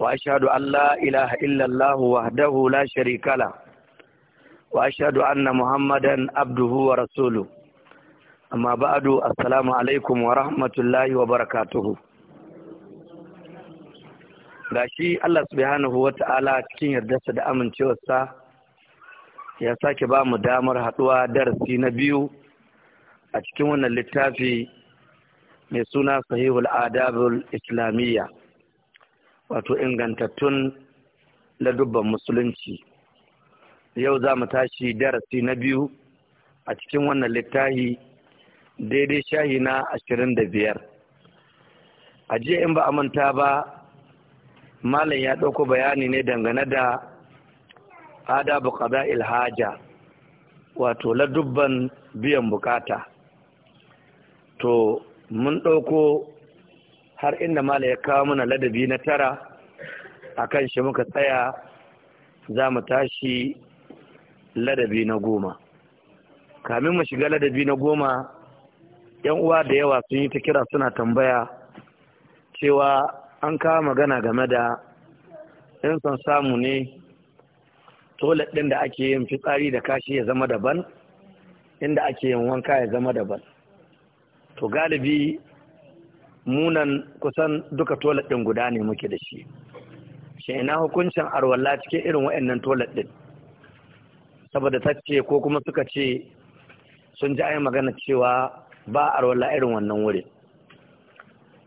وأشهد أن لا إله إلا الله وحده لا شريك له وأشهد أن محمدا عبده ورسوله أما بعد السلام عليكم ورحمة الله وبركاته gashi Allah subhanahu wa ta'ala cikin yardarsa da amincewarsa ya sake ba mu damar haɗuwa darasi na biyu a cikin wannan littafi mai suna sahihul adabul islamiyya wato ingantattun ladubban musulunci yau za mu tashi darasi na biyu a cikin wannan littafi daidai shahi na ashirin da biyar a jiya in ba a manta ba malam ya ɗauko bayani ne dangane da adabu qada ilhaja wato ladubban biyan bukata to mun ɗauko har inda mala ya kawo mana ladabi na tara a kan shi muka tsaya za mu tashi ladabi na goma kamin mu shiga ladabi na goma yan uwa da yawa sun yi ta kira suna tambaya cewa an kawo magana game da 'yan son samu ne tolet ɗin da ake yin fitsari da kashi ya zama daban inda ake yin wanka ya zama daban to galibi munan kusan duka tolet ɗin guda ne muke da shi shi ina hukuncin arwalla cikin irin wa'annan toilet ɗin saboda ta ce ko kuma suka ce sun ji ayi magana cewa ba arwalla irin wannan wurin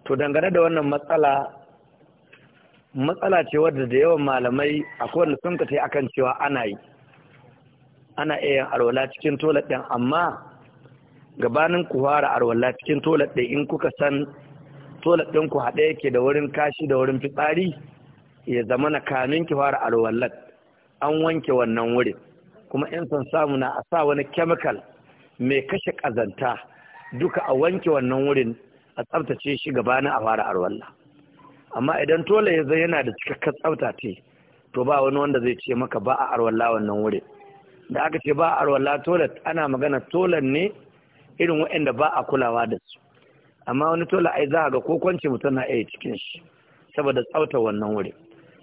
to dangane da wannan matsala matsala ce wadda da yawan malamai a wanda sun ka akan cewa ana yi ana iya yin arwala cikin toilet ɗin amma gabanin ku fara arwala cikin toilet ɗin in kuka san tola ɗin ku haɗe yake da wurin kashi da wurin fitsari ya zama na kamin ki fara alwallat an wanke wannan wurin kuma in san samu na a sa wani chemical mai kashe kazanta duka a wanke wannan wurin a tsaftace shi gabanin a fara alwalla amma idan tola ya zai yana da cikakken tsaftace, ce to ba wani wanda zai ce maka ba a arwallah wannan wurin da aka ce ba a arwalla tola ana magana tolan ne irin waɗanda ba a kulawa da su amma wani tola ai za a ga ko kwanci mutum na iya cikin shi saboda tsauta wannan wurin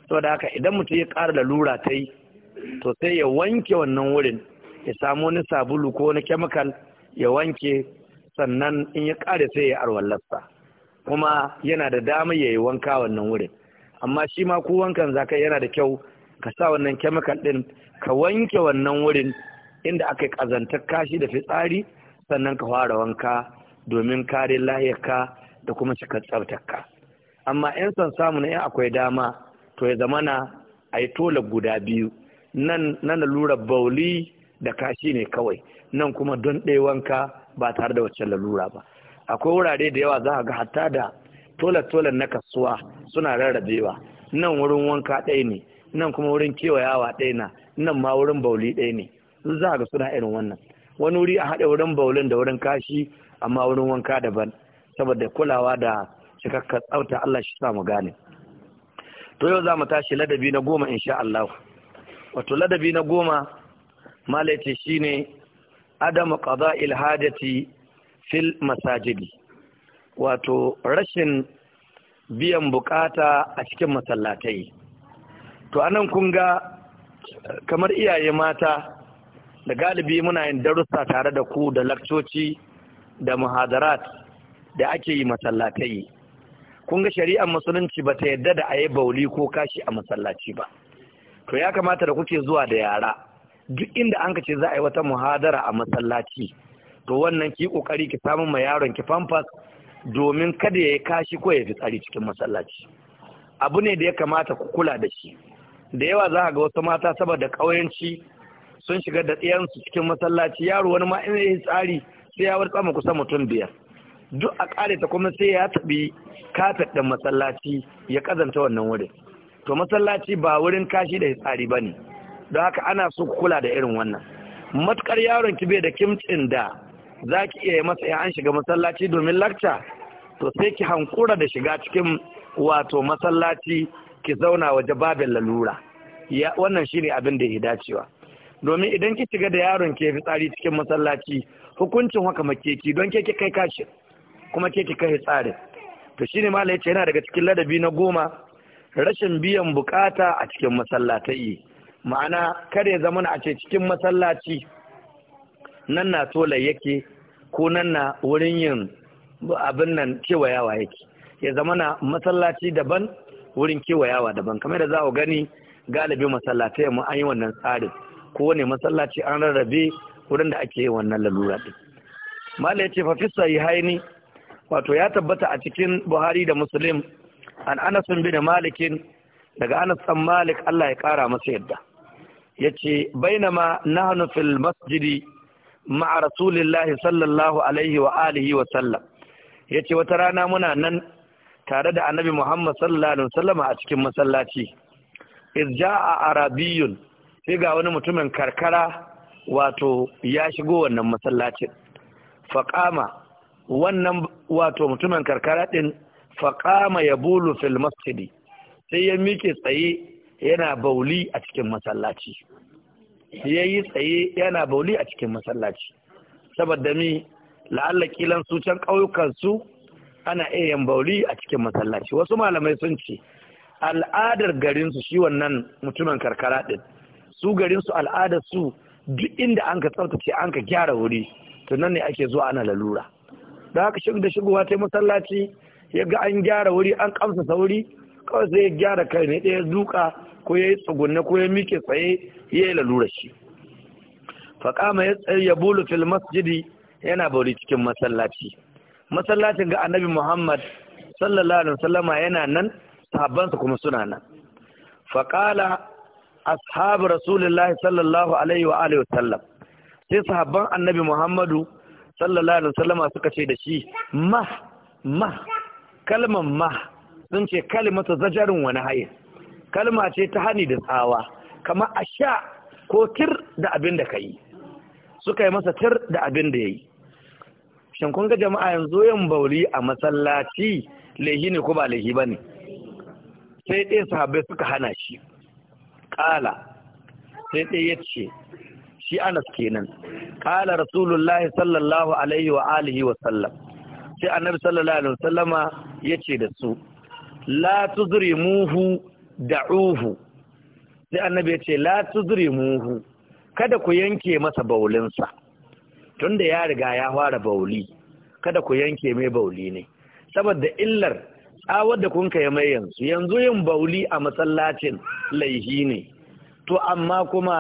saboda haka idan mutum ya ƙara da lura ta yi to sai ya wanke wannan wurin ya samu wani sabulu ko wani kemikal ya wanke sannan in ya ƙare sai ya arwallarsa kuma yana da dama ya yi wanka wannan wurin amma shi ma ko wankan zaka yana da kyau ka sa wannan kemikal ɗin ka wanke wannan wurin inda aka yi ƙazantar kashi da fitsari sannan ka fara wanka domin kare lahiyarka da kuma cika tsaftarka amma yan son samu na yan akwai dama to ya zamana a yi tola guda biyu nan na lura bauli da kashi ne kawai nan kuma don ɗaya wanka ba tare da wacce lalura ba akwai wurare da yawa za a ga hatta da tola-tolan na kasuwa suna rarrabewa nan wurin wanka ɗaya ne nan kuma wurin kewayawa ɗaya na nan ma wurin bauli ɗaya ne za a ga suna irin wannan wani wuri a haɗa wurin baulin da wurin kashi amma wurin wanka daban saboda kulawa da cikakkar tsauta Allah shi sa gane to yau za mu tashi ladabi na goma in sha Allah wato ladabi na goma shi ne adamu ƙaza ilhajati fil masajidi wato rashin biyan bukata a cikin masallatai to anan kun ga kamar iyaye mata da galibi muna yin darussa tare da ku da lakcoci da muhadarat da ake yi masallatai kun ga shari'ar musulunci ba ta yadda da ayi bauli ko kashi a masallaci ba to ya kamata da kuke zuwa da yara duk inda an ka ce za a yi wata muhadara a masallaci to wannan ki kokari ki samu ma yaron ki famfas domin kada ya yi kashi ko ya fitsari cikin masallaci abu ne da ya kamata ku kula da shi da yawa za ga wasu mata saboda ƙauyenci sun shiga da tsiyansu cikin masallaci yaro wani ma in yi tsari sai ya warka mu kusa mutum biyar duk a ƙare ta kuma sai ya taɓi kafet ɗin masallaci ya ƙazanta wannan wurin to masallaci ba wurin kashi da tsari ba ne don haka ana so ku kula da irin wannan matuƙar yaron ki bai da kimcin da za ki iya yi masa ya an shiga masallaci domin lakta to sai ki hankura da shiga cikin wato masallaci ki zauna waje babin lalura wannan shine abin da ya dacewa domin idan ki shiga da yaron ke fitsari cikin masallaci hukuncin haka makeki don keke kai kashi kuma keke kai tsarin to shine malai ce yana daga cikin ladabi na goma rashin biyan bukata a cikin masallatai ma'ana kare zamana a ce cikin masallaci nan na tola yake ko nan na wurin yin abin nan kewayawa yake ya zamana masallaci daban wurin kewayawa daban kamar da za ku gani galibi masallatai mu an yi wannan tsarin ko ne masallaci an rarrabe wurin da ake yin wannan lalura din mala ce fa yi haini wato ya tabbata a cikin Buhari da Muslim an bi bin Malikin daga ana bin Malik Allah ya kara masa yadda Ya yace bainama nahnu fil masjidi ma'a rasulillahi sallallahu alaihi wa alihi wa sallam Ya ce wata rana muna nan tare da annabi Muhammad sallallahu alaihi wasallam a cikin masallaci iz jaa arabiyun sai ga wani mutumin karkara wato ya shigo wannan masallacin faƙama wannan wato mutumin karkara ɗin faƙama ya bulu fil masjidi sai ya miƙe tsaye yana bauli a cikin masallaci ya yi tsaye yana bauli a cikin masallaci saboda mi la'alla kilan su can su ana iya yin bauli a cikin masallaci wasu malamai sun ce al'adar garinsu shi wannan mutumin karkara ɗin su garinsu al'adar su duk inda an ka tsaftace an ka gyara wuri to nan ne ake zuwa ana lalura da haka shigo da shigowa ta masallaci ya ga an gyara wuri an kamsa sauri kawai sai ya gyara kai ne ɗaya duka ko ya yi tsugunne ko ya mike tsaye ya yi lalura shi faƙama ya tsaye ya bulu fil masjidi yana bauri cikin masallaci masallacin ga annabi muhammad sallallahu alaihi wasallama yana nan sahabbansa kuma suna nan faƙala ashabu rasulullahi sallallahu alaihi wa alihi wasallam sai sahabban annabi muhammadu sallallahu alaihi wasallama suka ce da shi ma ma kalmar ma sun ce kalmata zajarin wani haye kalma ce ta hani da tsawa kama a sha ko tir da abin da ka yi suka yi masa tir da abin da ya yi shin kun ga jama'a yanzu yin bauli a masallaci lehi ne ko ba lehi ba ne sai ɗaya sahabai suka hana shi ƙala sai ɗaya ya ce shi anas kenan ƙala rasulullahi sallallahu alaihi wa alihi wa sallam sai annabi sallallahu alaihi wa sallama ya ce da su la tuzrimuhu da'uhu sai annabi ya ce la tuzrimuhu kada ku yanke masa baulinsa tunda ya riga ya fara bauli kada ku yanke mai bauli ne saboda illar tsawar da kun kai mai yanzu yanzu yin bauli a masallacin laihi ne to amma kuma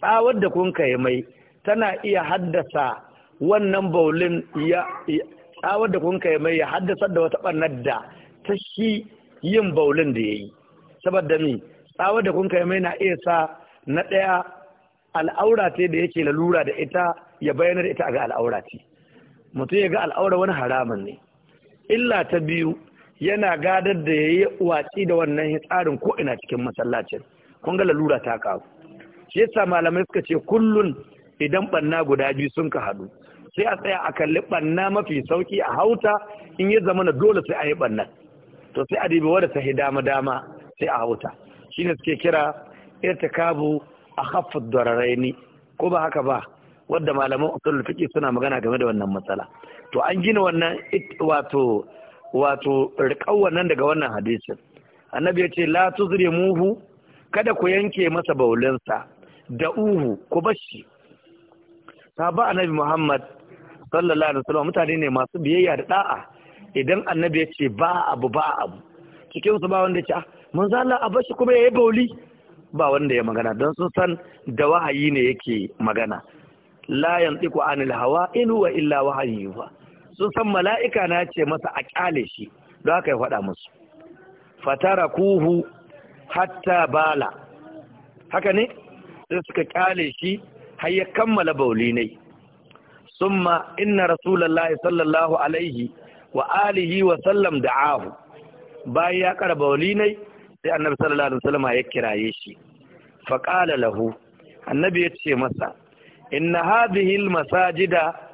tsawar da kun kai mai tana iya haddasa wannan baulin ya tsawar da kun kai mai ya haddasa da wata ɓarnar da ta shi yin baulin da ya yi saboda mi tsawar da kun kai mai na iya sa na ɗaya al'aura ce da yake lalura da ita ya bayyana da ita ga al'aura ce mutum ya ga al'aura wani haramun ne illa ta biyu yana gadar da ya yi watsi da wannan tsarin ko ina cikin masallacin kun ga lalura ta kawo shi yasa malamai suka ce kullun idan banna guda biyu sun ka hadu sai a tsaya a kalli banna mafi sauki a hauta in ya zama dole sai a yi banna to sai a dibi wadda ta yi dama dama sai a hauta shine suke kira kabu a haffar dararaini ko ba haka ba wadda malaman usulul fiqh suna magana game da wannan matsala to an gina wannan wato wato riƙau wannan daga wannan hadisin annabi ya ce la muhu, kada ku yanke masa baulinsa da uhu ku bashi sahaba annabi Muhammad sallallahu alaihi wasallam mutane ne masu biyayya da da'a idan annabi ya ce ba abu ba abu cikin su ba wanda ya ce ah, manzo Allah a bashi kuma yayi bauli ba wanda ya magana don sun san da wahayi ne yake magana la yantiqu anil hawa in huwa illa wahayuha sun san mala'ika na ce masa a ƙyale shi don haka ya faɗa musu fatara kuhu hatta bala haka ne sai suka ƙyale shi har ya kammala bauli ne summa inna Rasulallah sallallahu alaihi wa alihi wa sallam da'ahu bayan ya ƙara bauli ne sai annabi sallallahu alaihi wasallam ya kiraye shi fa lahu annabi ya ce masa inna hadhihi masajida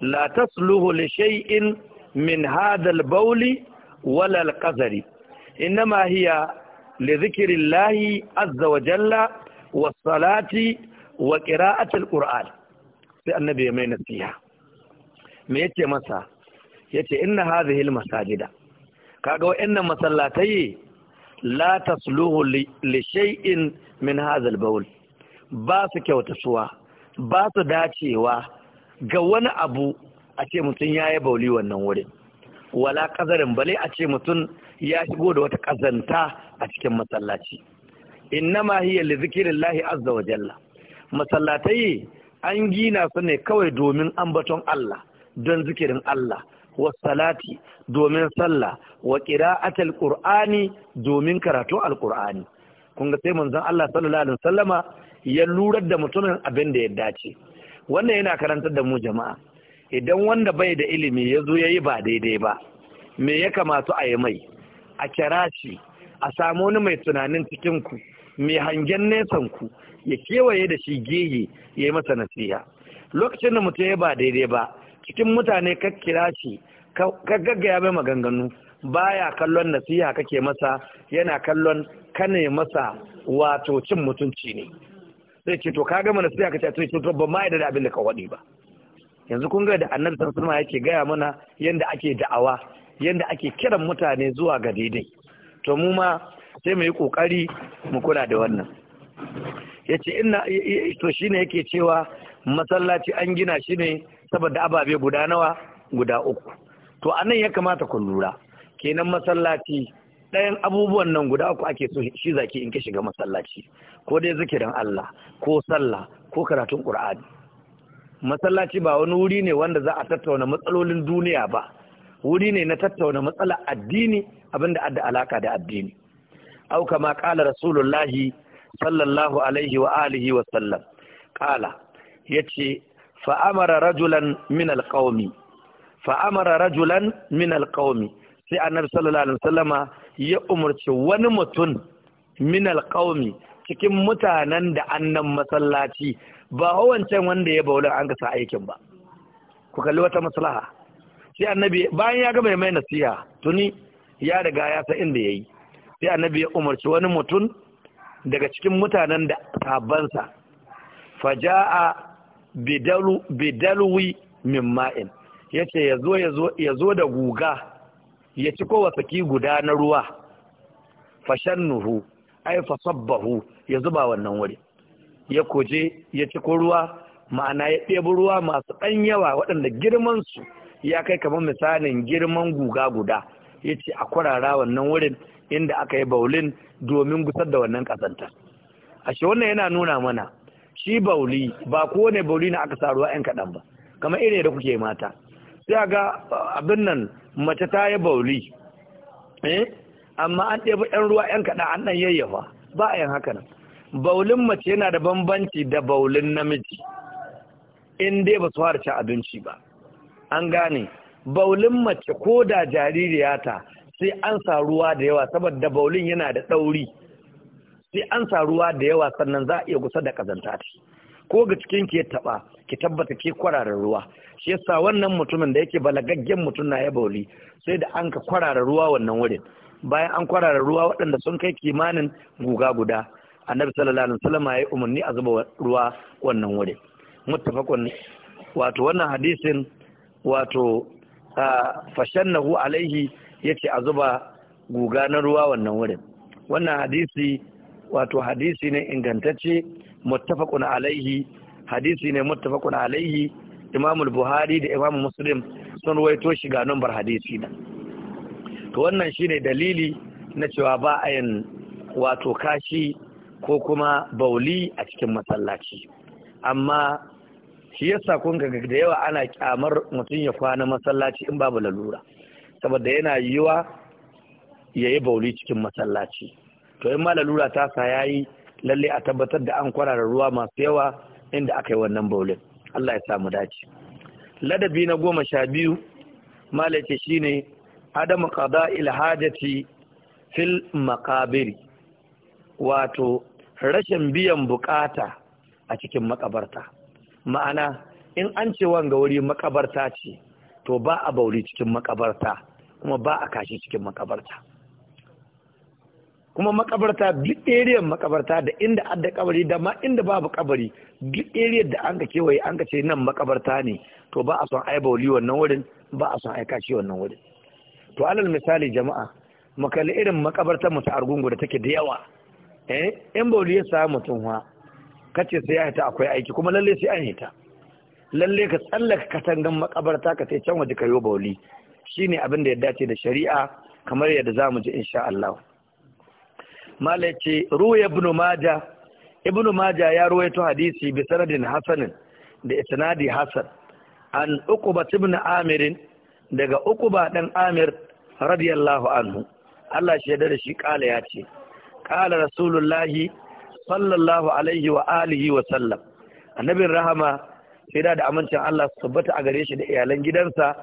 la tasluhu li shay'in min hadha al-bawli wala al-qazari inma hiya li dhikri llahi azza wa jalla was salati wa qira'ati al-qur'an sai annabi ya mai nasiha me yace masa yace inna hadhihi al-masajida kaga wayannan masallatai la tasluhu li shay'in min hadha al-bawl ba su kyautasuwa ba su dacewa ga wani abu a ce mutum ya yi bauli wannan wurin wala kazarin bale a ce mutum ya shigo da wata ƙazanta a cikin masallaci innama hiya li zikirillahi azza wa jalla masallatai an gina su ne kawai domin ambaton Allah don zikirin Allah wa salati domin sallah wa qira'atul qur'ani domin karatu alqur'ani kun ga sai manzon Allah sallallahu alaihi wasallama ya lurar da mutumin abin da ya dace wannan yana karantar da mu jama'a idan wanda bai da ilimi ya zo ya yi ba daidai ba me ya kamata a yi mai a kira shi a samu wani mai tunanin cikin ku mai hangen nesan ku ya kewaye da shi gege ya yi masa nasiha lokacin da mutum ya ba daidai ba cikin mutane ka kira shi ka gaggaya mai maganganu baya kallon nasiha kake masa yana kallon kane masa wato cin mutunci ne sai ce to kaga mana sai aka ce to ban ma yadda abin da ka wadi ba yanzu kun ga da annabi sallallahu alaihi yake gaya mana yanda ake da'awa yanda ake kiran mutane zuwa ga daidai to mu ma sai mu yi kokari mu kula da wannan yace inna to shine yake cewa masallaci an gina shi ne saboda ababe guda nawa guda uku to anan ya kamata ku lura kenan masallaci ɗayan abubuwan nan guda uku ake so shi zaki in ka shiga masallaci ko dai zikirin Allah ko sallah ko karatun Qur'ani masallaci ba wani wuri ne wanda za a tattauna matsalolin duniya ba wuri ne na tattauna matsalar addini abinda adda alaka da addini au kama qala rasulullahi sallallahu alaihi wa alihi wa sallam qala yace fa amara rajulan min alqaumi fa amara rajulan min alqaumi sai annabi sallallahu alaihi wasallama ya umarci wani mutum min alƙaumi cikin mutanen da annan masallaci ba wancan wanda ya baula an gasa aikin ba ku kalli wata maslaha sai annabi bayan ya gama mai nasiha tuni ya riga ya san inda yayi sai annabi ya umarci wani mutum daga cikin mutanen da sabansa faja'a bidalu bidalwi min ma'in yace yazo yazo yazo da guga ya ci kowa saki guda na ruwa fashannuhu ai fasabbahu ya zuba wannan wuri ya koje ya ci ko ruwa ma'ana ya ɗebi ruwa masu ɗan yawa waɗanda girman su ya kai kamar misalin girman guga guda ya ce a kwarara wannan wurin inda aka yi baulin domin gusar da wannan ƙazanta ashe wannan yana nuna mana shi bauli ba ne bauli na aka sa ruwa 'yan kaɗan ba kamar irin da kuke mata sai ga abin nan mace ta yi bauli eh amma an ɗebi ɗan ruwa ɗan kaɗa an ɗan yayyafa ba a yin haka nan baulin mace yana da bambanci da baulin namiji in dai ba su fara abinci ba an gane baulin mace ko da jaririyata ta sai an sa ruwa da yawa saboda baulin yana da ɗauri sai an sa ruwa da yawa sannan za a iya kusa da ƙazanta ta ko ga cikin ki ya taba ki tabbata ke kwararar ruwa shi yasa wannan mutumin da yake balagaggen mutum na ya bauli sai da an ka kwararar ruwa wannan wurin bayan an kwararar ruwa waɗanda sun kai kimanin guga guda annabi sallallahu alaihi wasallam ya yi umarni a zuba ruwa wannan wurin muttafaqun wato wannan hadisin wato fashannahu alaihi yace a zuba guga na ruwa wannan wurin wannan hadisi wato hadisi ne ingantacce muttafaqun alaihi hadisi ne muttafaqun alaihi Imam Buhari da Imam Muslim sun ruwaito shi ga numbar hadisi da. to wannan shine dalili na cewa ba a yin wato kashi ko kuma bauli a cikin masallaci amma shi yasa kun ga da yawa ana kyamar mutum ya kwana masallaci in babu lalura saboda yana yiwa ya yi bauli cikin masallaci to in ma lalura ta sa yayi lalle a tabbatar da an kwarara ruwa masu yawa inda aka yi wannan baulin Allah ya samu dace ladabi na goma sha biyu malace shine adamu qada ilhajati fil makabiri wato rashin biyan bukata a cikin makabarta ma'ana in an ce wanga wuri makabarta ce to ba a bauri cikin makabarta kuma ba a kashi cikin makabarta kuma makabarta duk area makabarta da inda adda kabari da ma inda babu kabari duk area da an ka kewaye an ka ce nan makabarta ne to ba a son ai bauli wannan wurin ba a son ai kashi wannan wurin to alal misali jama'a makalli irin makabartar mu ta argungu da take da yawa eh in bauli ya samu mutum ha kace sai ya ta akwai aiki kuma lalle sai an yi ta lalle ka tsallaka katangan makabarta ka sai can waje ka yo bauli shine abin da ya dace da shari'a kamar yadda zamu ji insha Allah malaci ruwa ibn maja ibn maja ya ruwaito hadisi bi sanadin hasanin da isnadi hasan an uquba ibn amirin daga ukuba dan amir radiyallahu anhu Allah shi da shi kala ya ce kala rasulullahi sallallahu alaihi wa alihi wa sallam annabin rahama sai da amincin Allah su tabbata a gare shi da iyalan gidansa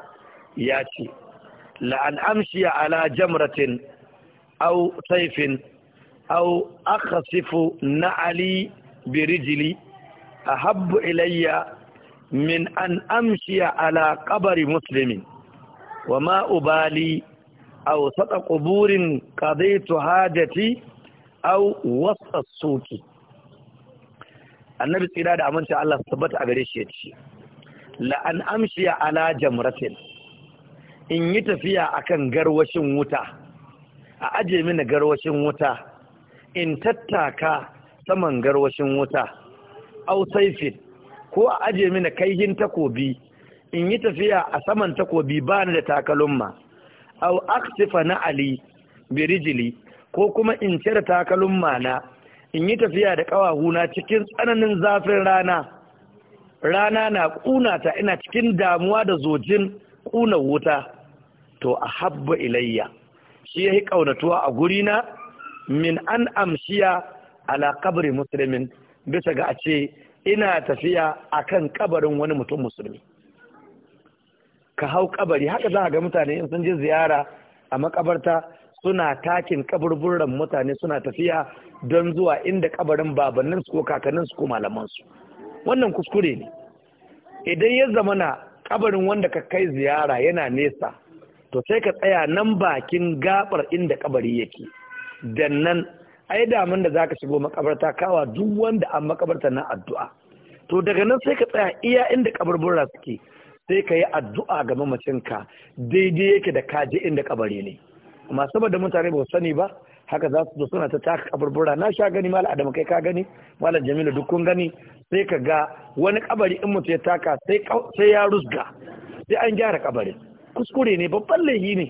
ya ce la'an amshiya ala jamratin au saifin au akhasifu na'ali bi rijli ahabbu ilayya min an amshiya ala qabri muslimin wa ma ubali aw sata quburin qadaytu hajati aw wasa suki annabi tsira da aminci Allah tabbata a gare shi ya la an amshiya ala jamratin in yi tafiya akan garwashin wuta a aje mini garwashin wuta in tattaka saman garwashin wuta au saifin ko a aje mini kaihin takobi in yi tafiya a saman takobi ba ni da takalumma au aksifa na ali birijili ko kuma in cire takalumma na in yi tafiya da kawahuna cikin tsananin zafin rana rana na ƙunata ina cikin damuwa da zojin ƙunar wuta to a habba ilayya shi ya yi ƙaunatuwa a gurina min an amshiya ala kabri musulmin bisa ga a ce ina tafiya a kan kabarin wani mutum musulmi ka hau kabari haka za a ga mutane in sun je ziyara a makabarta suna takin kaburburan mutane suna tafiya don zuwa inda kabarin babannin su ko kakannin su ko malaman su wannan kuskure ne idan ya zama na kabarin wanda ka kai ziyara yana nesa to sai ka tsaya nan bakin gabar inda kabari yake dannan nan ai damun da zaka shigo makabarta kawa duk wanda an makabarta na addu'a to daga nan sai ka tsaya iya inda kabarbura suke sai ka yi addu'a ga mamacinka daidai yake da kaje inda kabari ne amma saboda mutane ba sani ba haka za su suna ta taka kaburbura na sha gani malam adamu kai ka gani malam jamilu duk kun gani sai ka ga wani kabari in mutum ya taka sai ya rusga sai an gyara kabarin kuskure ne babban laifi ne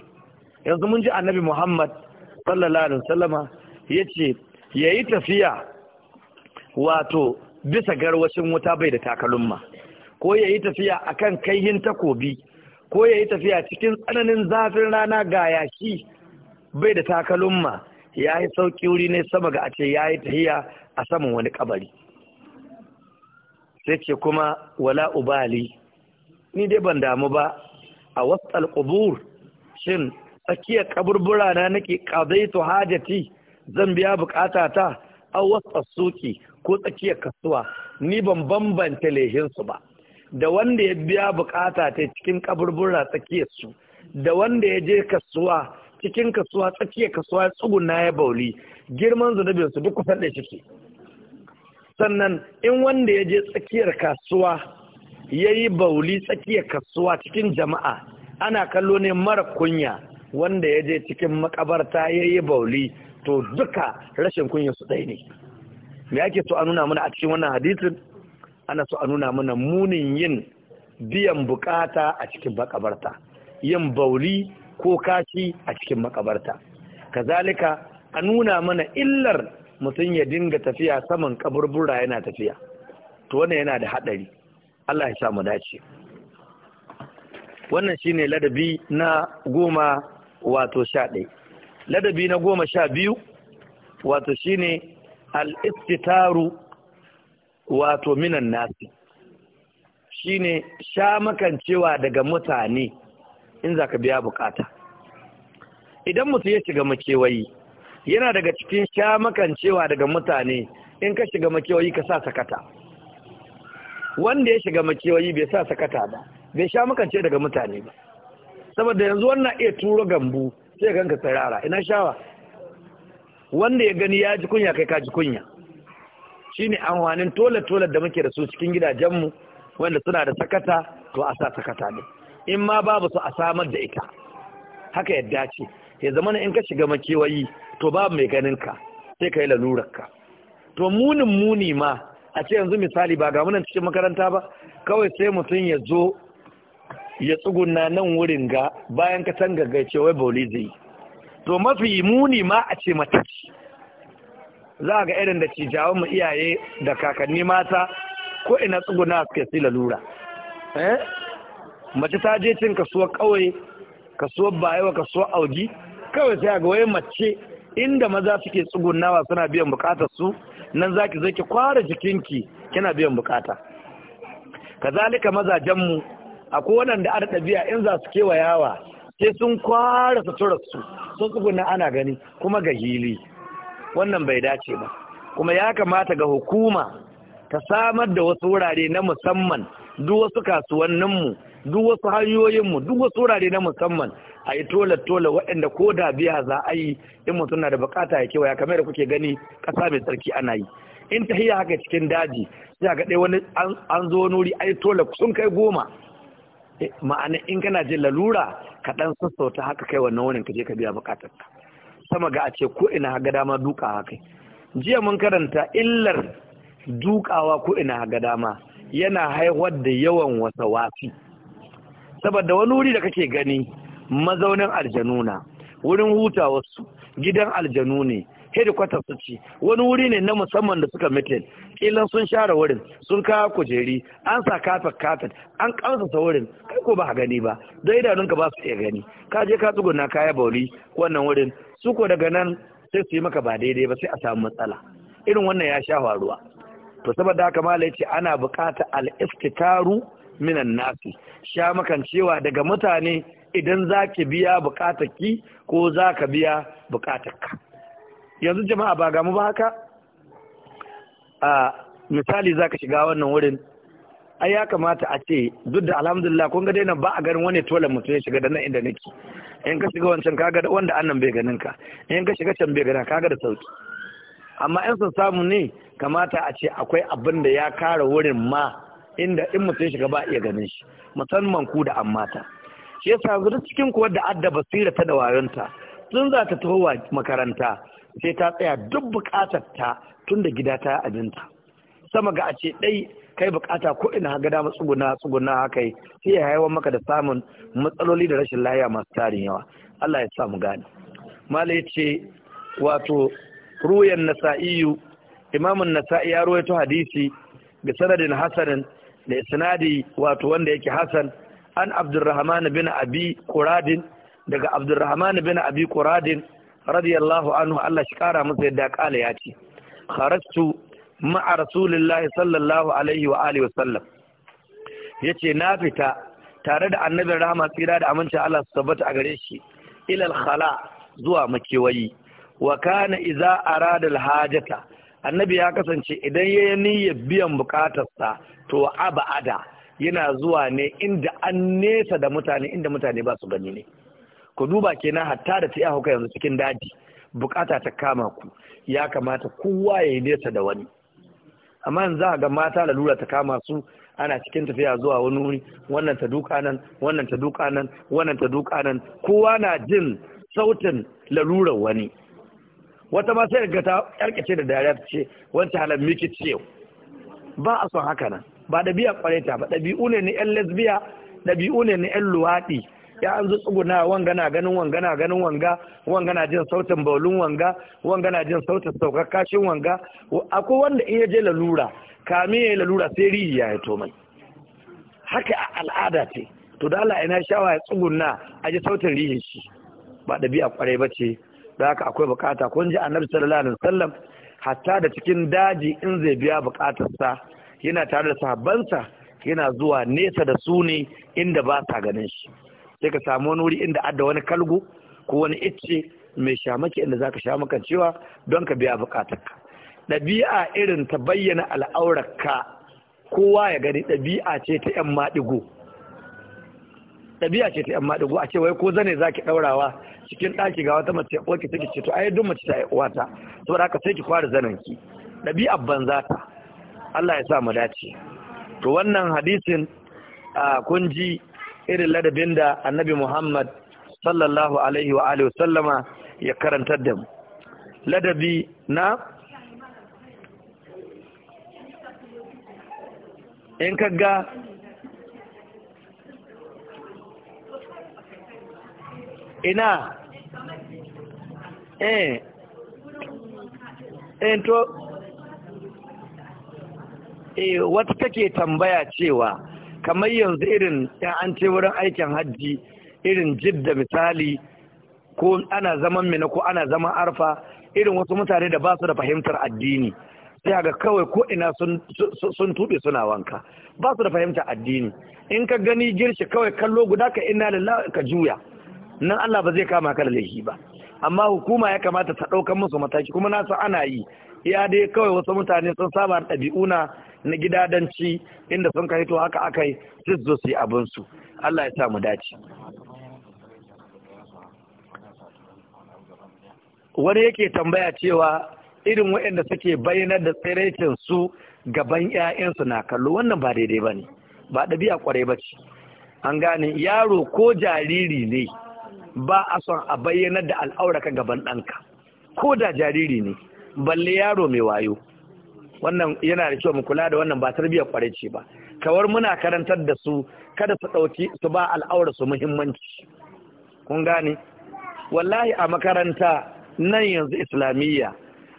yanzu mun ji annabi muhammad sallallahu alaihi wasallama yace yayi tafiya wato bisa garwashin wuta bai da takalumma ko yayi tafiya akan kaiyin takobi ko yayi tafiya cikin tsananin zafin rana ga yashi bai da takalumma yayi sauƙi wuri ne sama ga a ce yayi tafiya a saman wani ƙabari sai ce kuma wala ubali ni dai ban damu ba a wasal qubur shin tsakiya kaburbura na nake qadaitu hajati zan biya bukata ta aw suki ko tsakiya kasuwa ni ban bambanta lehin su ba da wanda ya biya bukata ta cikin kaburbura tsakiyar su da wanda ya je kasuwa cikin kasuwa tsakiyar kasuwa ya tsuguna ya bauli girman zunubin su duk kusan da shi sannan in wanda ya je tsakiyar kasuwa ya yi bauli tsakiyar kasuwa cikin jama'a ana kallo ne mara kunya wanda ya je cikin makabarta ya yi bauli to duka rashin kunya su ɗaya ne me ake so a nuna mana a cikin wannan hadisin ana so a nuna mana munin yin biyan bukata a cikin makabarta yin bauli ko kashi a cikin makabarta kazalika a nuna mana illar mutum ya dinga tafiya saman kaburbura yana tafiya to wannan yana da haɗari Allah ya sa mu dace wannan shine ladabi na goma wato sha ɗaya ladabi na goma sha biyu wato shi ne al’istitaru wato minan nasi shi ne sha makancewa daga mutane in za ka biya bukata idan mutum ya shiga makewayi yana daga cikin sha makancewa daga mutane in ka shiga makewayi ka sa sakata wanda ya shiga makewayi bai sa sakata ba bai sha makance daga mutane ba saboda yanzu wannan iya turo gambu sai ganka tsirara ina shawa wanda ya gani ya ji kunya kai ka ji kunya shine amfanin tole-tole da muke da su cikin gidajenmu wanda suna da sakata to a sa sakata ne in ma babu su a samar da ita haka ya dace ya zama in ka shiga makewayi to babu mai ganin ka sai ka yi ka. to munin muni ma a ce yanzu misali ba ga munan cikin makaranta ba kawai sai mutum ya zo ya tsuguna nan wurin ga bayan ka san gaggaice wai bauli zai to mafi muni ma a ce mata za ga irin da cijawan mu iyaye da kakanni mata ko ina tsuguna suke si lura. eh mace ta je cin kasuwar kauye kasuwar bayewa kasuwar auji kawai sai ga wai mace inda maza suke tsugunawa suna biyan bukatar su nan zaki zai ki kwara jikinki kina biyan bukata kazalika mazajen mu akwai waɗanda ada ɗabi'a in za su kewayawa sai sun kwara su sun tsuguna ana gani kuma ga hili wannan bai dace ba kuma ya kamata ga hukuma ta samar da wasu wurare na musamman duk wasu kasuwanninmu duk wasu hanyoyinmu duk wasu wurare na musamman a yi tola-tola waɗanda ko da biya za a yi in mutum na da bukata ya kewaya kamar da kuke gani ƙasa mai tsarki ana yi in ta haka cikin daji sai ga ɗaya wani an zo nuri yi tola sun kai goma Eh, ma'ana in kana jin lalura ka dan sassauta haka kai wannan wurin ka je ka biya bukatar ka sama ga a ce ko ina haga dama duka haka jiya mun karanta illar dukawa ko ina haga dama yana haihuwar da yawan wasa wafi. saboda wani wuri da kake gani mazaunin aljanuna wurin hutawarsu gidan aljanu ne hedikwatar su ci wani wuri ne na musamman da suka mitin kilan sun share wurin sun kawo kujeri an sa kafet kafet an kamsa wurin kai ko ba gani ba dai idanunka ba su iya gani ka je ka tsuguna kaya bauri. wannan wurin su ko daga nan sai su yi maka ba daidai ba sai a samu matsala irin wannan ya sha faruwa to saboda haka malai ce ana bukata al-iftitaru minan nasi sha makan cewa daga mutane idan zaki biya bukatar ki ko zaka biya bukatar ka yanzu jama'a ba gamu ba haka a misali za ka shiga wannan wurin ai ya kamata a ce duk da alhamdulillah kun ga dai nan ba a ganin wani tola mutum ya shiga da nan inda nake in ka shiga wancan kaga da wanda annan bai ganin ka in ka shiga can bai ganin kaga da sauki amma in sun samu ne kamata a ce akwai abin da ya kare wurin ma inda in mutum shiga ba iya ganin shi musamman ku da an mata shi yasa yanzu duk cikin kuwa da adda basira ta da wayonta sun za ta taho makaranta sai ta tsaya duk bukatar ta tun da gida ta abinta sama ga a ce dai kai bukata ko ina ga dama tsuguna tsuguna haka yi sai ya haiwa maka da samun matsaloli da rashin lafiya masu tarin yawa Allah ya samu gani malai ce wato ruyan nasa'iyu imamun nasa'i ya ruwaito hadisi ga sanadin hasanin da sinadi wato wanda yake Hassan, an abdurrahman bin abi quradin daga abdurrahman bin abi quradin radiyallahu anhu Allah shi kara masa yadda kala ya ce kharastu ma'a rasulillahi sallallahu alaihi wa alihi wasallam yace na fita tare da annabin rahama tsira da amincin Allah su tabbata a gare shi ilal khala zuwa makewayi wa kana idza arada al hajata annabi ya kasance idan yayi niyyar biyan bukatarsa to abada yana zuwa ne inda an nesa da mutane inda mutane ba su gani ne ku duba kenan hatta da ta hauka yanzu cikin daji bukata ta kama ku ya kamata kowa ya yi nesa da wani amma yanzu za a ga mata lalura ta kama su ana cikin tafiya zuwa wani wuri wannan ta duka nan wannan ta duka nan wannan ta duka nan kowa na jin sautin lalurar wani wata ma sai ga ta yarkace da dariya ta ce wancan halar miki ce ba a son haka nan ba ɗabi'a kwarai ta ba ɗabi'u ne na yan lesbiya ɗabi'u ne na yan luwaɗi ya an zo tsuguna wanga na ganin wanga na ganin wanga wanga na jin sautin baulun wanga wanga na jin sautin saukar wanga akwai wanda in ya je lalura kame ya yi lalura sai riri ya yi mai haka al'ada ce to da Allah ina shawa ya tsuguna a ji sautin rihin shi ba da biya kwarai ba ce da haka akwai bukata kun ji annabi sallallahu alaihi wasallam hatta da cikin daji in zai biya bukatarsa yana tare da sahabbansa yana zuwa nesa da su ne inda ba sa ganin shi sai ka samu wani wuri inda adda wani kalgo ko wani icce mai shamaki inda zaka sha maka cewa don ka biya bukatarka ɗabi'a irin ta bayyana al'aurarka kowa ya gani ɗabi'a ce ta yan maɗigo ɗabi'a ce ta yan maɗigo a ce wai ko zane zaki ɗaurawa cikin ɗaki ga wata mace wacce take ce to ai duk mace ta uwata saboda haka sai ki fara zanen ki ɗabi'a banza ta Allah ya sa mu dace to wannan hadisin kun ji irin ladabin da annabi Muhammad sallallahu alaihi wa Alaihi sallama ya karantar da mu ladabi na in kaga ina eh eh to eh wata take tambaya cewa kamar yanzu irin ya an ce wurin aikin hajji irin jidda misali ko ana zaman mina ko ana zaman arfa irin wasu mutane da ba su da fahimtar addini sai ga kawai ko ina sun tuɓe suna wanka ba su da fahimtar addini in ka gani girshi kawai kallo guda ka ina lillahi ka juya nan Allah ba zai kama ka da laifi ba amma hukuma ya kamata ta ɗaukar musu mataki kuma na san ana yi ya dai kawai wasu mutane sun saba ɗabi'una. na gidadanci inda sun kai to haka akai su zo su yi abinsu Allah ya sa mu dace wani yake tambaya cewa irin waɗanda suke bayyanar da tsiraicin su gaban 'ya'yansu na kallo wannan ba daidai ba ne ba ɗabi'a kwarai ba ce an gane yaro ko jariri ne ba a son a bayyanar da al'auraka gaban ɗanka ko da jariri ne balle yaro mai wayo wannan yana da kyau mu kula da wannan ba tarbiyyar kware ce ba kawar muna karantar da su kada su ɗauki su ba al'aura su muhimmanci kun gane wallahi a makaranta nan yanzu islamiyya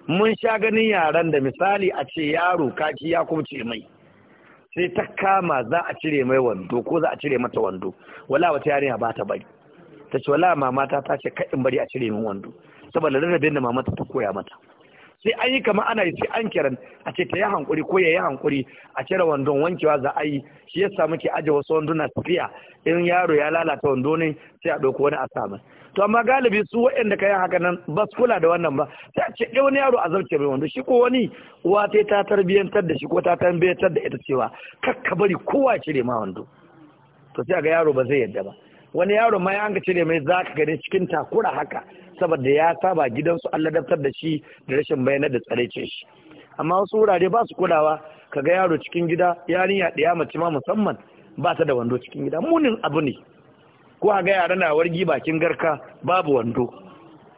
mun sha ganin yaran da misali a ce yaro kaki ya kuce mai sai ta kama za a cire mai wando ko za a cire mata wando wala wata yarinya ba ta bari ta ce wala mamata ta ce kai in bari a cire min wando saboda rarrabe da mama ta koya mata sai an yi kama ana sai an kiran a ce ta yi hankuri ko ya yi hankuri a cire wandon wankewa za a yi shi samu ke aje wasu wanduna tafiya in yaro ya lalata wando ne sai a ɗauko wani a samu to amma galibi su waɗanda ka yi haka nan ba su kula da wannan ba sai a ce ɗaya wani yaro a zarce mai wando shi ko wani uwa ta ta tarbiyyantar da shi ko ta tarbiyyantar da ita cewa kakka bari kowa ya cire ma wando to sai a ga yaro ba zai yadda ba wani yaro ma ya an cire mai za ka gani cikin takura haka saboda ya saba gidansu an ladabtar da shi da rashin bayanar da ce shi amma wasu wurare ba su kulawa kaga yaro cikin gida yarinya ɗaya mace ma musamman ba ta da wando cikin gida munin abu ne ko a ga yara na wargi bakin garka babu wando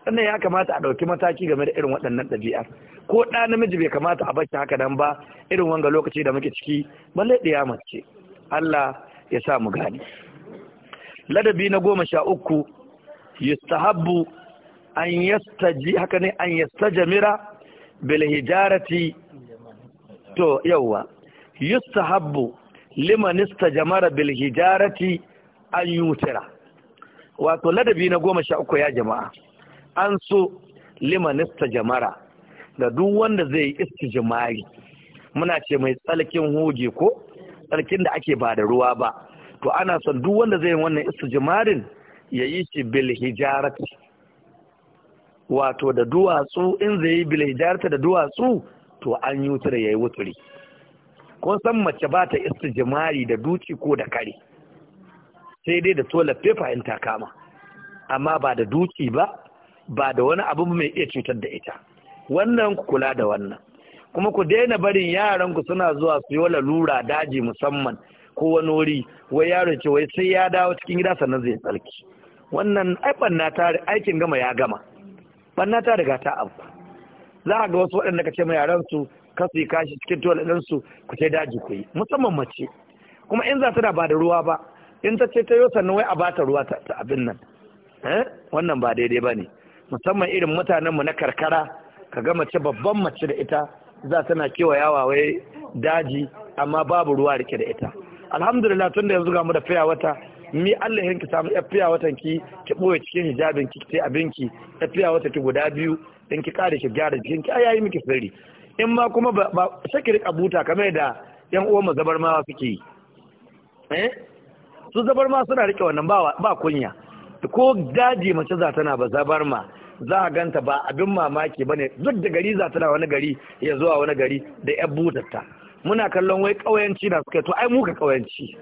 sannan ya kamata a ɗauki mataki game da irin waɗannan ɗabi'ar ko ɗa namiji bai kamata a bashi haka nan ba irin wanga lokaci da muke ciki balle ɗaya mace Allah ya sa mu gani ladabi na goma sha uku yustahabbu an yastaji haka ne an yastajmira bil hijarati to yawa yustahabbu liman istajmara bil hijarati an yutira wato ladabi na goma sha uku ya jama'a an so liman istajmara da duk wanda zai istijmari muna ce mai tsalkin hoje ko tsalkin da ake ba da ruwa ba to ana son duk wanda zai yi wannan istijmarin ya yi shi bilhijarati. wato da duwatsu in zai yi bilejarta da duwatsu to an yi wuturi ya yi wuturi kun san mace ba ta jimari da duci ko da kare sai dai da tola fefa in ta kama amma ba da duci ba ba da wani abu mai iya cutar da ita wannan ku kula da wannan kuma ku daina barin yaran ku suna zuwa su yi lura daji musamman ko wani wuri wai yaro ce wai sai ya dawo cikin gida sannan zai tsarki wannan aiban na tare aikin gama ya gama banna ta riga ta abu za a ga wasu waɗanda ka ce mai yaran su kasu yi kashi cikin tuwal ɗin su ku ce daji ku yi musamman mace kuma in za ta da ba da ruwa ba in ta ce ta yi sannan wai a ba ta ruwa ta abin nan eh? wannan ba daidai ba ne musamman irin mutanen mu na karkara ka ga mace babban mace da ita za tana kewayawa wai daji amma babu ruwa rike da ita alhamdulillah tun da yanzu ga mu da fiya wata mi Allah yanki samu yafiya watan ki ki boye cikin hijabin ki sai abinki yafiya watan ki guda biyu in ki kare ki gyara jikin ki ayayi miki sirri in ma kuma ba saki rika buta kamar da yan uwan mu zabar ma suke eh su zabar suna rike wannan ba ba kunya ko daji mace za tana ba zabar za a ganta ba abin mamaki bane duk da gari za tana wani gari ya zuwa wani gari da yan butarta muna kallon wai ƙauyenci na suka to ai muka ƙauyenci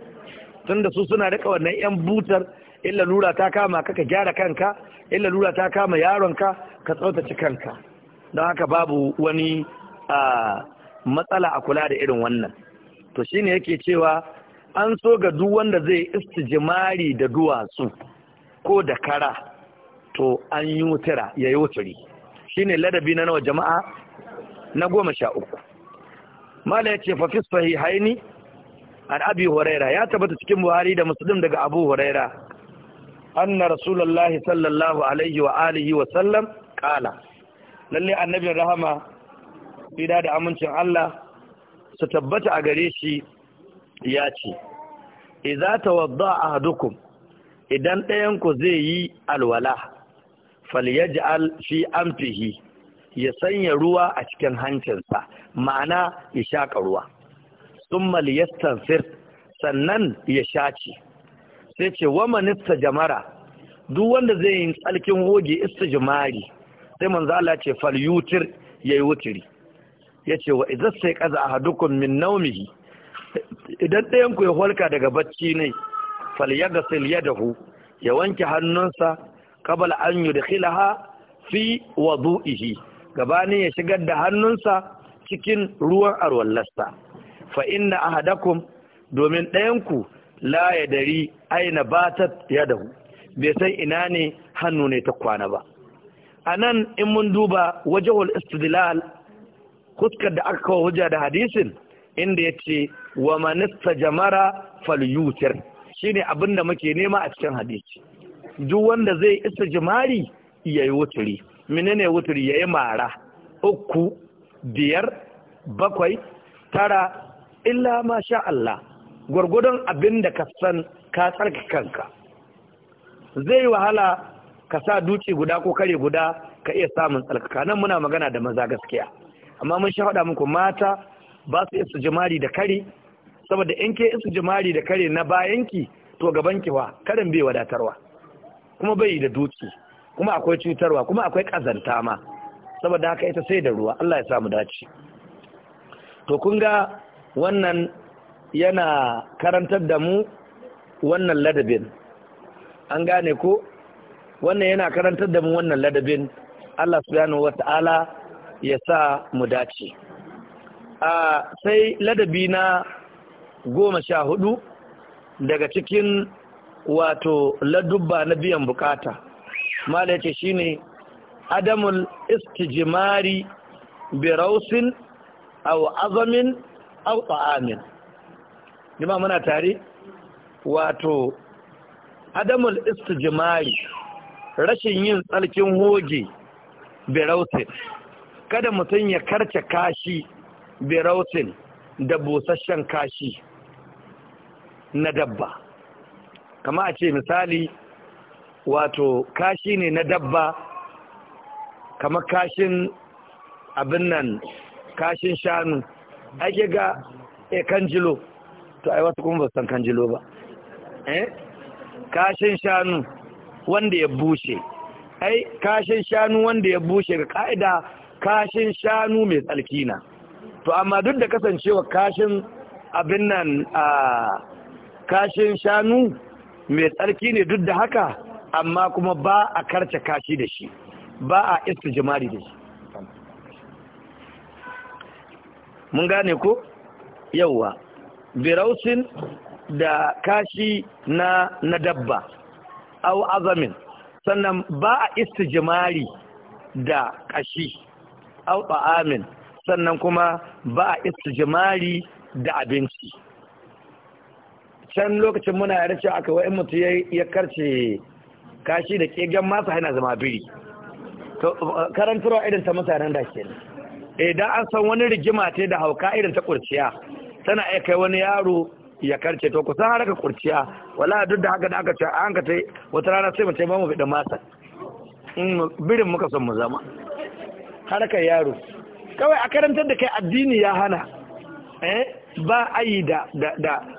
tun da su suna da wannan yan butar illa lura ta kama ka gyara kanka illa lura ta kama yaronka ka tsautaci kanka don haka babu wani matsala a kula da irin wannan to shine yake cewa an so ga duk wanda zai istijimari da duwatsu ko da kara to an yi wutura ya yi wuturi shine ladabi na nawa jama'a na goma sha uku mala ya ce fafis haini an abi huraira ya tabbata cikin buhari da muslim daga abu huraira anna rasulullahi sallallahu alaihi wa alihi wa sallam kala lalle annabin rahama fida da amincin Allah su tabbata a gare shi ya ce idza tawadda ahadukum idan ɗayan ku zai yi alwala falyaj'al fi amfihi ya sanya ruwa a cikin hancinsa ma'ana ya shaƙa ruwa summa liyastansir sannan ya shaci sai ce wa manista jamara duk wanda zai yi tsalkin hoge istijmari sai manzo Allah ce fal yutir yayi wutiri yace wa idza sai qaza ahadukum min nawmihi idan ɗayan ku ya halka daga bacci ne fal yagsil yadahu ya wanke hannunsa qabla an yudkhilaha fi wadu'ihi gabanin ya shigar da hannunsa cikin ruwan arwallasta fa inna ahadakum domin ɗayanku la ya dari aina batat ya dahu bai san ina ne hannu ne ta kwana ba a nan in mun duba wajahul istidlal huskar da aka kawo hujja da hadisin inda ya ce wa manista jamara falyutir shine abin da muke nema a cikin hadisi duk wanda zai isa jimari ya yi wuturi menene wuturi ya yi mara uku biyar bakwai tara illa ma sha Allah gwargwadon abin da ka san ka tsarki kanka zai yi wahala ka sa duci guda ko kare guda ka iya samun tsarkaka nan muna magana da maza gaskiya amma mun sha faɗa muku mata ba su isu jimari da kare saboda in ke isu jimari da kare na bayanki to gaban kiwa karin bai wadatarwa kuma bai da duci kuma akwai cutarwa kuma akwai kazanta ma saboda haka ita sai da ruwa Allah ya samu mu dace to kun ga wannan yana karantar da mu wannan ladabin an gane ko wannan yana karantar da mu wannan ladabin Allah subhanahu wata'ala ya sa mu dace a sai ladabi na goma sha hudu daga cikin wato ladubba na biyan bukata mala shi ne adamul istijmari birausin au azamin aw ni jima muna tare wato adamul istijmari rashin yin tsarkin hoge berautin kada mutum ya karce kashi berautin da busasshen kashi na dabba kama a ce misali wato kashi ne na dabba kama kashin abin nan kashin shanu ake ga e kanjilo to ai wasu kuma ba san kanjilo ba eh kashin shanu wanda ya bushe ai kashin shanu wanda ya bushe ga ka'ida kashin shanu mai tsalkina to amma duk da kasancewa kashin abin nan a kashin shanu mai tsarki ne duk da haka amma kuma ba a karce kashi da shi ba a jimari da shi mun gane ko yauwa birausin da kashi na na dabba au azamin sannan ba a istijimari da kashi au ta'amin sannan kuma ba a istijimari da abinci can lokacin muna yare cewa aka wa'in mutu ya karce kashi da kegen masa haina zama biri karantarwa idan ta mutanen da ke idan an san wani rigima ce da hauka irin ta kurciya tana iya kai wani yaro ya karce to kusan har ka kurciya wala duk da haka da aka ce an ka ta wata rana sai mu ce ba mu bidin masa birin muka son mu zama harkar yaro kawai a karantar da kai addini ya hana eh ba ayi da da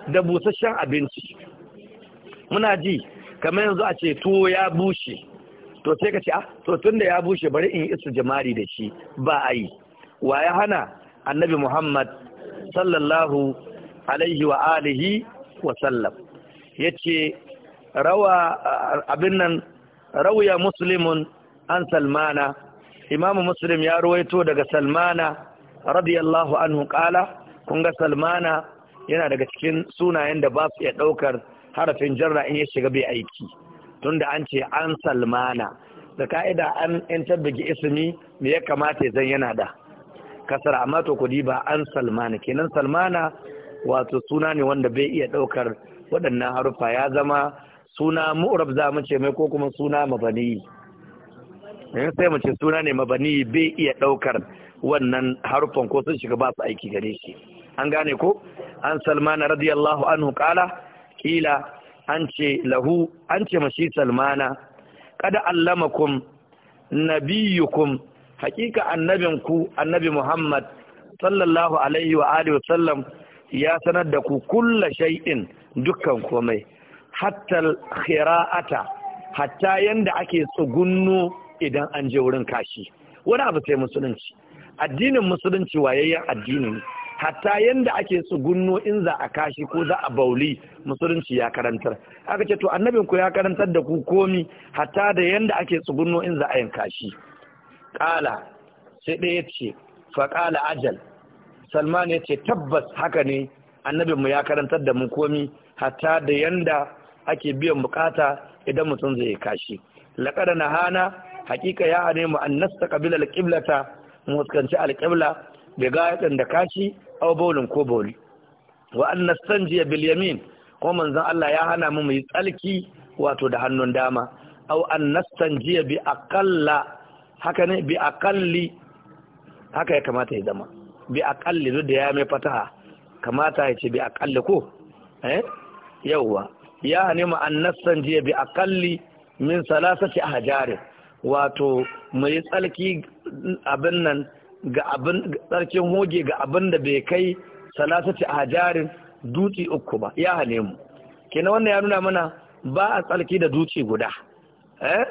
da busasshen abinci muna ji kamar yanzu a ce tuwo ya bushe to sai ka ce ah to tunda ya bushe bari in isa jamari da shi ba ayi wa ya hana annabi Muhammad sallallahu alaihi wa alihi wa sallam yace rawa abin nan rawiya muslimun an salmana imamu muslim ya ruwaito daga salmana radiyallahu anhu kala kunga salmana yana daga cikin sunayen da ba su iya ɗaukar harafin jarra in ya shiga bai aiki tunda an ce an salmana da ka'ida an 'yantar da ismi me ya kamata zan yana da Kasar amma to kudi ba an salmana kenan salmana wato suna ne wanda bai iya ɗaukar waɗannan harufa ya zama suna mu'rab za mu ce mai ko kuma suna mabani in sai mu ce suna ne mabani bai iya ɗaukar wannan harufan ko sun shiga ba su aiki gare shi an gane ko an salmana radiyallahu anhu kala kila an ce lahu an ce mashi salmana kada allamakum nabiyukum hakika annabin ku annabi Muhammad sallallahu alaihi wa alihi wa sallam ya sanar da ku kulla shay'in dukkan komai hatta khira'ata hatta yanda ake tsugunno idan an je wurin kashi wani abu sai musulunci addinin musulunci wayayyen addini ne hatta yanda ake tsugunno in za a kashi ko za a bauli musulunci ya karantar aka ce to annabin ku ya karantar da ku komi hatta da yanda ake tsugunno in za a yin kashi ƙala sai ɗaya ce faƙala ajal salman ya ce tabbas haka ne annabinmu ya karantar da mu komi hatta da yanda ake biyan bukata idan mutum zai kashi laƙada na hana hakika ya hane mu an nasta ƙabilar ƙiblata mu fuskanci alƙibla da gayatin da kashi au baulin ko bauli wa an nastanjiya jiya bilyamin ko manzon Allah ya hana mu mu yi tsalki wato da hannun dama au an jiya bi aqalla haka ne bi akalli haka ya kamata ya zama bi akalli duk da ya mai fataha kamata ya ce bi akalli ko eh yawwa ya ne ma'annasan jiya bi akalli min salasati ahjari wato mai tsalki abin nan ga abin tsarkin hoge ga abin da bai kai salasati ahjarin dutse uku ba ya hane mu kenan wannan ya nuna mana ba a tsalki da dutse guda eh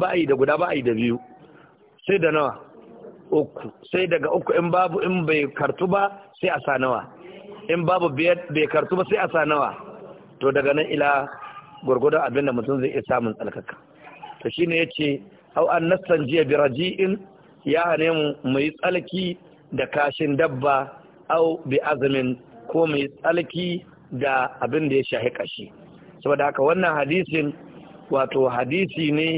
ba a yi da guda ba a yi da biyu sai da nawa uku sai daga uku in babu in bai kartu ba sai a sa nawa in babu bai kartu ba sai a sa nawa to daga nan ila gwargwadon abin da mutum zai iya samun tsalkaka to shine yace au an nassan jiya raji'in ya hane mu mu yi tsalki da kashin dabba au bi azumin ko mu yi tsalki da abin da ya shahi kashi saboda haka wannan hadisin wato hadisi ne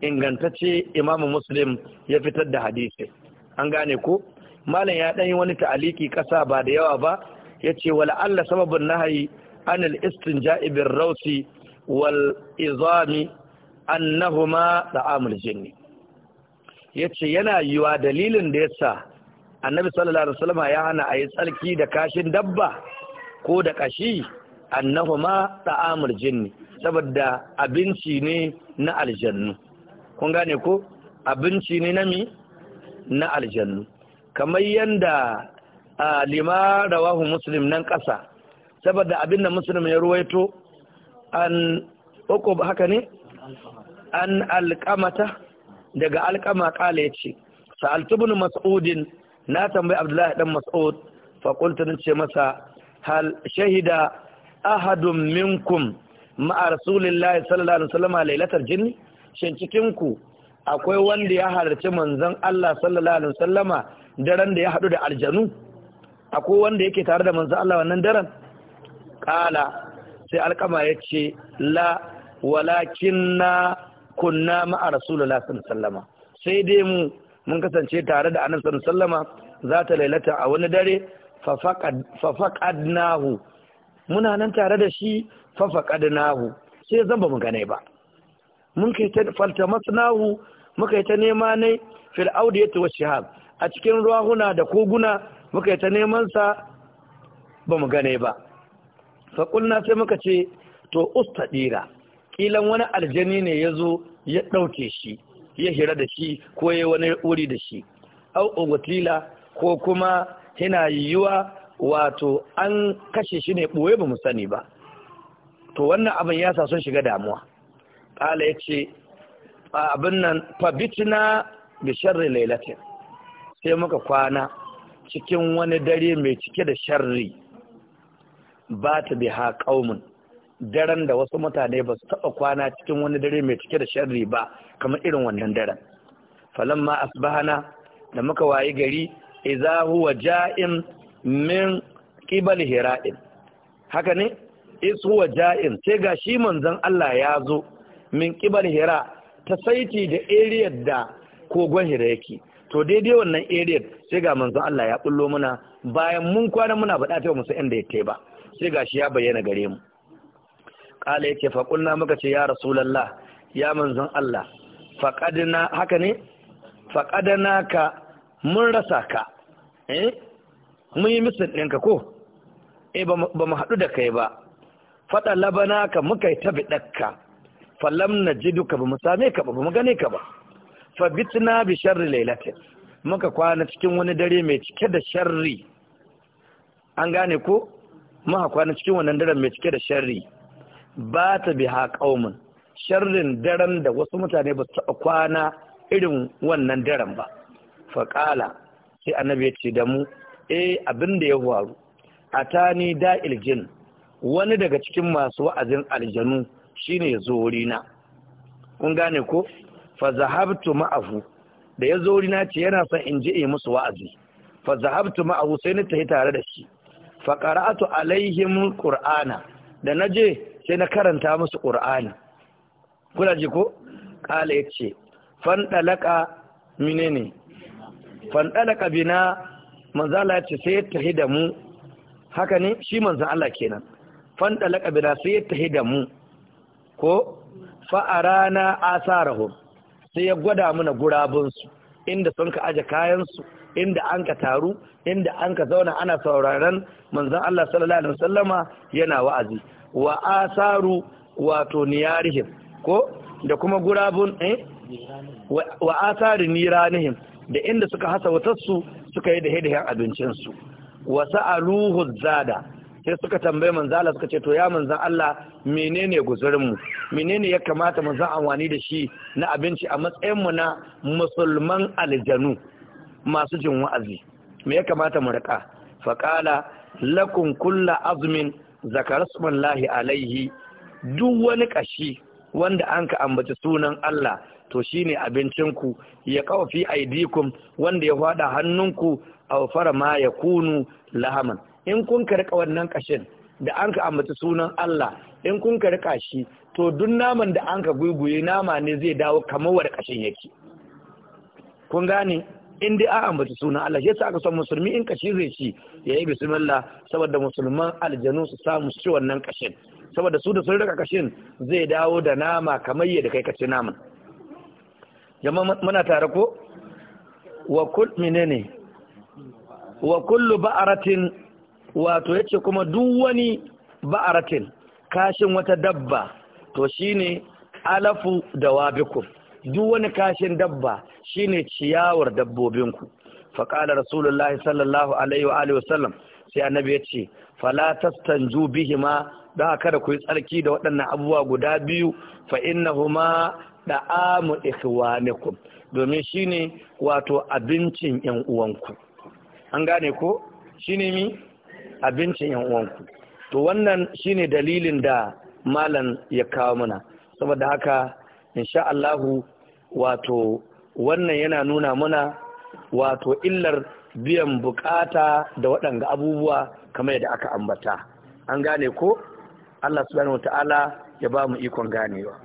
ingantacce imamu muslim ya fitar da hadisi an gane ko malam ya ɗanyi wani ta'aliki ƙasa ba da yawa ba ya ce wala Allah sababin nahayi anil istinja'i ja'ibin rausi wal izami annahuma da amul jinni ya ce yana yiwa dalilin da ya sa annabi sallallahu alaihi wasallam ya hana a yi tsarki da kashin dabba ko da kashi annahuma da amul jinni saboda abinci ne na aljannu kun gane ko abinci ne na mi na aljannu kamar yadda lima rawahu muslim nan ƙasa saboda abin da muslim ya ruwaito an uku haka ne an alƙamata daga alƙama ƙala ya ce sa'altubun mas'udin na tambayi abdullahi dan mas'ud faƙultunin ce masa hal shahida ahadun minkum ma'a rasulillahi sallallahu alaihi wasallam lailatar jinni shin cikin ku akwai wanda ya halarci manzon Allah sallallahu alaihi wasallama daren da ya hadu da aljanu akwai wanda yake tare da manzon Allah wannan daren kala sai alkama ya ce la walakin na kunna ma'a rasulullahi sallallahu alaihi sai dai mu mun kasance tare da annabi sallallahu alaihi wasallama za lailata a wani dare faqadnahu muna nan tare da shi nahu. sai zan ba mu gane ba mun kai ta falta masnahu muka yi ta nema ne fil audiyati wa shihab a cikin ruwahuna da koguna muka yi ta neman sa ba mu gane ba fa kulna sai muka ce to ustadira kilan wani aljani ne yazo ya dauke shi ya hira da shi ko ya wani wuri da shi au ugutila ko kuma yana yiwuwa wato an kashe shi ne boye ba mu sani ba to wannan abin ya sa sun shiga damuwa ƙala ya ce abin nan fabitina da sharri lailatin sai muka kwana cikin wani dare mai cike da sharri ba ta biha ƙaumin daren da wasu mutane ba su taɓa kwana cikin wani dare mai cike da sharri ba kamar irin wannan daren falamma asbahana da muka wayi gari idza huwa ja'in min qibal hira'in haka ne is huwa ja'in sai ga shi manzon Allah ya zo min kibar hira ta saiti da eriyar da kogon hira yake to daidai wannan eriyar, sai ga manzo Allah ya bullo muna bayan mun kwana muna faɗa ta musu inda ya tai ba sai gashi ya bayyana gare mu qala yake fa kunna muka ce ya rasulullah ya manzon Allah faqadna haka ne faqadna ka mun rasa ka eh? mun yi misin ɗinka ko eh ba mu haɗu da kai ba faɗa labana ka muka yi tabi ɗakka falam duka ba mu same ka ba mu gane ka ba fa bitna bi sharri lailatin muka kwana cikin wani dare mai cike da sharri an gane ko muka kwana cikin wannan daren mai cike da sharri ba ta bi ha qaumun sharrin daren da wasu mutane ba su kwana irin wannan daren ba fa qala sai annabi ya ce da mu eh abinda ya faru atani da'il jin wani daga cikin masu wa'azin aljanu shine ya zo na? kun gane ko fa zahabtu ma'ahu da ya zo na ce yana son in je yi musu wa'azi fa zahabtu ma'ahu sai na tafi tare da shi fa qara'atu alaihim qur'ana da naje sai na karanta musu ƙur'ani. kula ji ko kala yace fan dalaka ne. fan dalaka bina manzala ce sai ya tafi da mu haka ne shi manzan Allah kenan fan dalaka bina sai ya tafi da mu ko fa'arana asarahum sai ya gwada mana gurabinsu inda sun ka aje kayansu inda an ka taru inda an ka zauna ana sauraron manzan Allah sallallahu alaihi wasallama yana wa'azi wa asaru wato niyarihim ko da kuma gurabun eh wa asari niranihim da inda suka hasa wutarsu suka yi da hedihin abincinsu wa sa'aluhu zada sai suka tambaye Allah suka ce to ya manzo Allah menene mu? menene ya kamata mu zan amfani da shi na abinci a matsayin mu na musulman aljanu masu jin wa'azi me ya kamata mu rika faqala lakum kullu azmin zakarasmullahi alaihi duk wani kashi wanda an ka ambaci sunan Allah to shine ku ya kawo fi aidikum wanda ya fada hannunku aw fara ma yakunu lahaman in kun karka wannan kashin da an ka ambaci sunan Allah in kun karka shi to duk naman da an ka guguye nama ne zai dawo kamar wani kashin yake kun gane in dai an ambaci sunan Allah yasa aka san musulmi in kashi zai shi yayi bismillah saboda musulman aljanu su samu ci wannan kashin saboda su da sun rika kashin zai dawo da nama kamar yadda kai kace naman jama'a muna tare ko wa kul menene wa kullu ba'ratin wato ya ce kuma duk wani ba'aratin kashin wata dabba to shine alafu da wabikun. duk wani kashin dabba shine ciyawar dabbobinku faƙalar rasulullahi sallallahu alaihi wa sallam wasallam sai annabi ya ce ju bihi ma. da kada ku yi tsarki da waɗannan abubuwa guda biyu fa innahuma da'amu ikhwanikum domin shine wato abincin yan uwanku an gane ko shine mi abincin yan uwanku to wannan shine dalilin da malam ya kawo mana, saboda haka insha Allahu wato wannan yana nuna mana, wato illar biyan bukata da waɗanga abubuwa kamar yadda aka ambata an gane ko Allah subhanahu wataala ya ba mu ikon ganewa